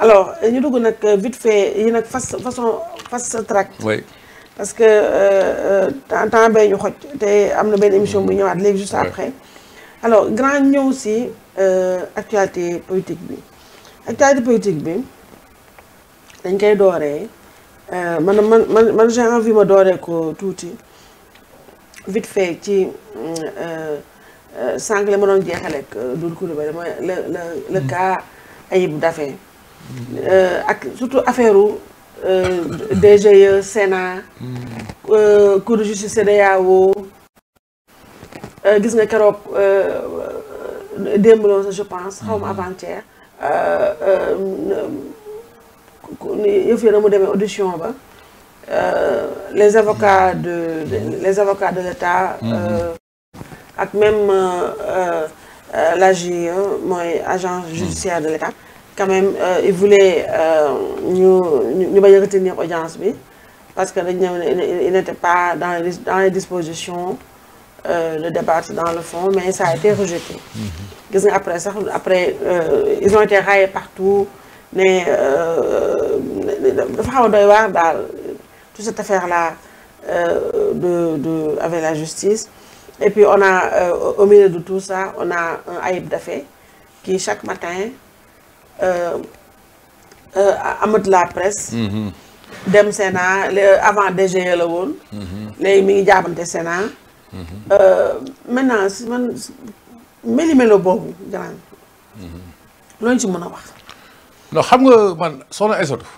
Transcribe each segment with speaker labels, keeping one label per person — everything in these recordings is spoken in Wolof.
Speaker 1: alors ñu dugg nag euh, vite fait yi nag fast façon fast track. oui parce que temps euh, euh, temps bee ñu xoj te am na émission bu ñëwaat léegi juste après. alors grand ñëw euh, actualité politique bi actualité politique bi dañ koy dooree man man man man j'ai envie ma dooree ko tuuti vite fait ci. euh, la ma doon jeexaleeg Doudou Coulibaly mooy le le le mm. cas Ayib Daffé Euh, ak surtout affaire euh, DGE Sénat euh, cour de justice CEDEAO gis nga keroog démb loon je pense xaw ma mm-hmm. avant-hier na mu demee audition ba les avocats de mm-hmm. les avocats de l'État mm-hmm. ak même l'AGE mooy agent judiciaire de l'État quand même il voulait nous retenir audience parce que n'étaient n'était pas dans les dispositions euh, de débattre dans le fond mais ça a été rejeté. Mm-hmm. après après euh, ils ont été raillés partout mais tout euh, toute cette affaire là de avec la justice et puis on a au milieu de tout ça on a un Haïb Dafé qui chaque matin. Euh, euh, amat la presse. Mm-hmm. dem Sénat avant DGE la woon. Mm-hmm. léegi mi ngi jaabante Sénat. Mm-hmm. Euh, maintenant si man méli-mélo boobu grand loolu ci mën a wax.
Speaker 2: non xam nga man soxna Aïssatou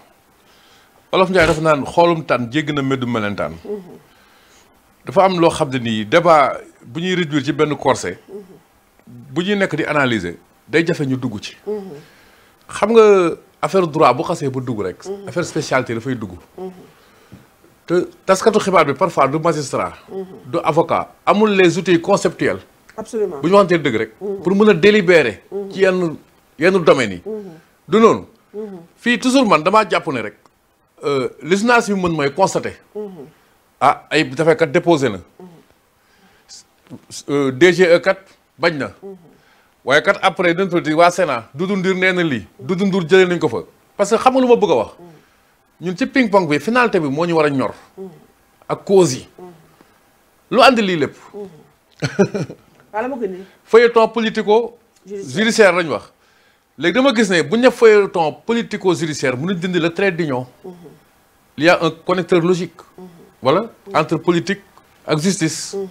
Speaker 2: Olof Ndiaye dafa naan xoolum tànn jégg na meddu melentaan dafa am loo xam ne nii débat bu ñuy réduire ci benn corset bu ñuy nekk di analyser day jafe ñu dugg ci. xam nga affaire droit bu xasee ba dugg rek. affaire spécialité dafay dugg. te taskatu xibaar bi parfois du magistrat. du avocat amul les outils conceptuels. absolument bu ñu waxantee dëgg rek. pour mën a délibérer. ci yenn yenn domaines yi. du noonu. fii toujours man damaa jàpp ne rek. Euh, li journaliste bi mën mooy constater. ah ay dafay kat déposé na. Euh, DGE kat bañ na. Mais après il politique a Sénat Doudou Ndir na que que ko parce que ce que je veux bëgg a wax ñun ping pong bi finalité bi ñu y a ñor ak cause yi lu politico judiciaire lañ wax feuilleton dama bu feuilleton politico judiciaire vous dindi le trait d'union il y a un connecteur logique voilà entre politique et justice mhm.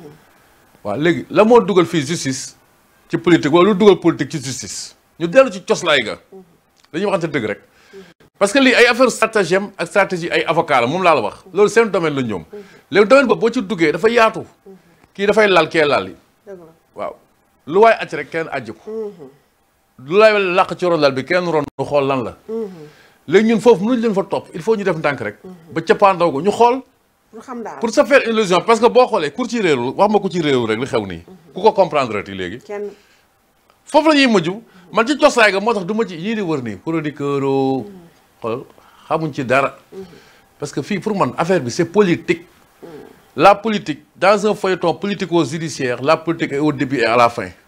Speaker 2: waaw ce la moo la justice ci politique wala lu dugal politique ci justice ñu dellu ci coslaay ga dañuy waxante dëgg rek parce que lii ay affaire stratégie ak stratégie ay avocat la moom laa la wax loolu seen domaine la ñoom léegi domaine boobu boo ci duggee dafa yaatu kii dafay lal kee lal yi waaw lu waaye acc rek kenn ajji ko lu laay làq ci ron lal bi kenn ron nu xool lan la léegi ñun foofu mënuñ leen fa topp il faut ñu def ndànk rek ba cappaandaw ko ñu xool pour xam daal pour se faire illusion parce que boo xoolee ku ci réeru wax ma ku ci réeru rek li xew nii. Mhm. ku ko comprendre ti léegi. foofu la ñuy mujj. man ci cosaay ga moo tax du ci yii di wër nii producteur oo. Mhm. xool xamuñ ci dara. Mhm. parce que fii pour man affaire bi c' est politique. la politique dans un feuilleton politico-judiciaire la politique est au début et à la fin.